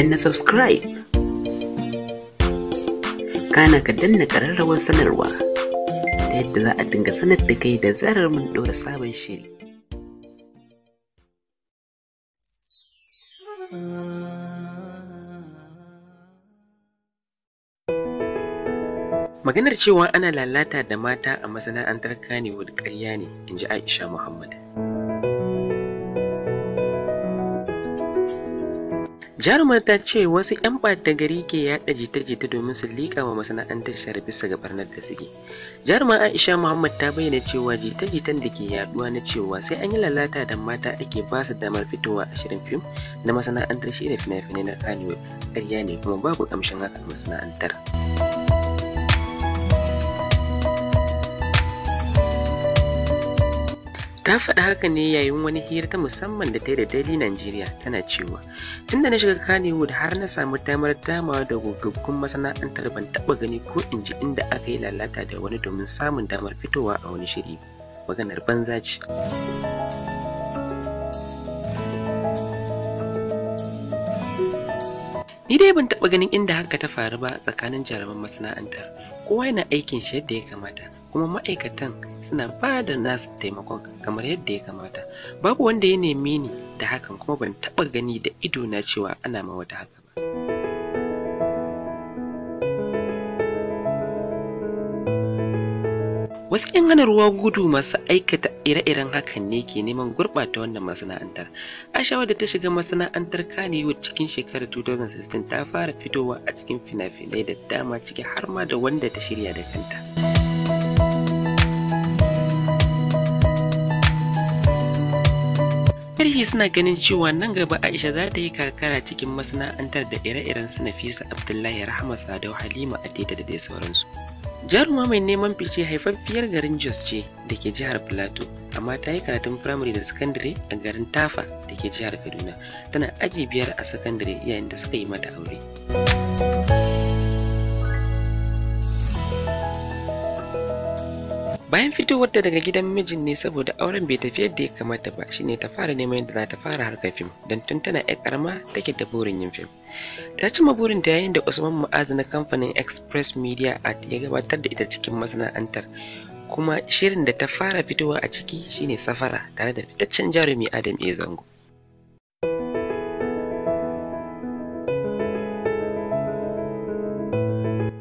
danna subscribe kana ka danna kararrawar sanarwa ta yadda za a dinga sanar da kai da zarar mun ɗora sabon shiri maganar cewa ana lalata da mata a masana'antar kanewood ƙarya ne in ji aisha muhammad jarumar ta ce wasu 'yan ɓata gari ke yaɗa jita-jita domin su liƙa wa masana'antar share bisa ga barnar da suke jarumar aisha muhammad ta bayyana cewa jita-jitan da ke yaɗuwa na cewa sai an yi lalata da mata ake ba su damar fitowa a shirin fim na masana'antar shirin fina-finai na kanewa ƙarya ne kuma babu ƙamshin haka masana'antar. ta faɗa haka ne yayin wani hira ta musamman da ta yi da daily nigeria tana cewa tunda na shiga kanewood har na samu damar damawa da gogaggun masana'antar ban taɓa gani ko in ji inda aka yi lalata da wani domin samun damar fitowa a wani shiri maganar banza ce ni dai ban taɓa ganin inda haka ta faru ba tsakanin jaruman masana'antar kowa yana aikin shi yadda ya kamata kuma ma'aikatan suna ba da nasu taimakon kamar yadda ya kamata babu wanda ya nemi ni da hakan kuma ban taɓa gani da ido na cewa ana ma wata haka wasu 'yan hana ruwa gudu masu aikata ire-iren hakan ne ke neman gurɓata wannan masana'antar Aisha wadda ta shiga masana'antar kanewar cikin shekarar 2016 ta fara fitowa a cikin fina-finai da dama ciki har ma da wanda ta shirya da kanta tarihi suna ganin cewa nan gaba aisha za ta yi kakara cikin masana'antar da ire-iren su nafisa abdullahi rahama sadau halima a da dai sauransu jaruma mai neman fice haifaffiyar garin jos ce da ke jihar plateau amma ta yi karatun firamare da sakandare a garin tafa da ke jihar kaduna tana aji biyar a sakandare yayin da suka yi mata aure bayan fitowarta daga gidan mijin ne saboda auren bai tafi yadda ya kamata ba shine ta fara neman yadda za ta fara harkar fim don tun tana yar karama take da burin yin fim ta cimma burin ta yayin da usman mu'azu na kamfanin express media art ya gabatar da ita cikin masana'antar kuma shirin da ta fara fitowa a ciki shine safara tare da fitaccen jarumi adam e zango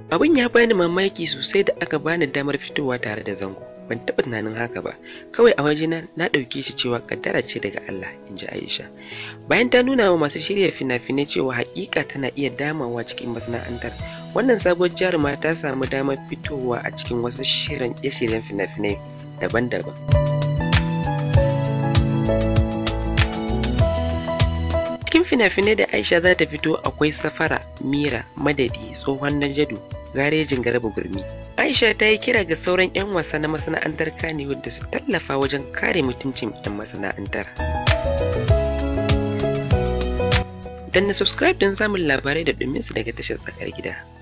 Abin ya bani mamaki sosai da aka bani damar fitowa tare da zango. Ban taɓa tunanin haka ba, kawai a wajena na ɗauke shi cewa kaddara ce daga Allah, in ji Aisha. Bayan ta nuna wa masu shirya fina-finai cewa haƙiƙa tana iya damawa cikin masana'antar, wannan sabuwar jaruma ta samu damar fitowa a cikin wasu shirye-shiryen fina-finai daban-daban. Cikin fina-finai da Aisha za ta fito akwai Safara, Mira, Madadi, Tsohon Najadu, garejin garba gurmi aisha ta yi kira ga sauran 'yan wasa na masana'antar kane wadda su tallafa wajen kare mutuncin 'yan masana'antar na subscribe don samun labarai da su daga tashar tsakar gida